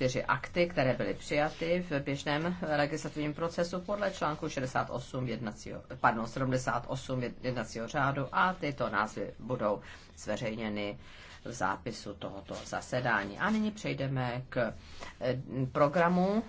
čtyři akty, které byly přijaty v běžném legislativním procesu podle článku 68 jednacího, pardon, 78 jednacího řádu a tyto názvy budou zveřejněny v zápisu tohoto zasedání. A nyní přejdeme k eh, programu.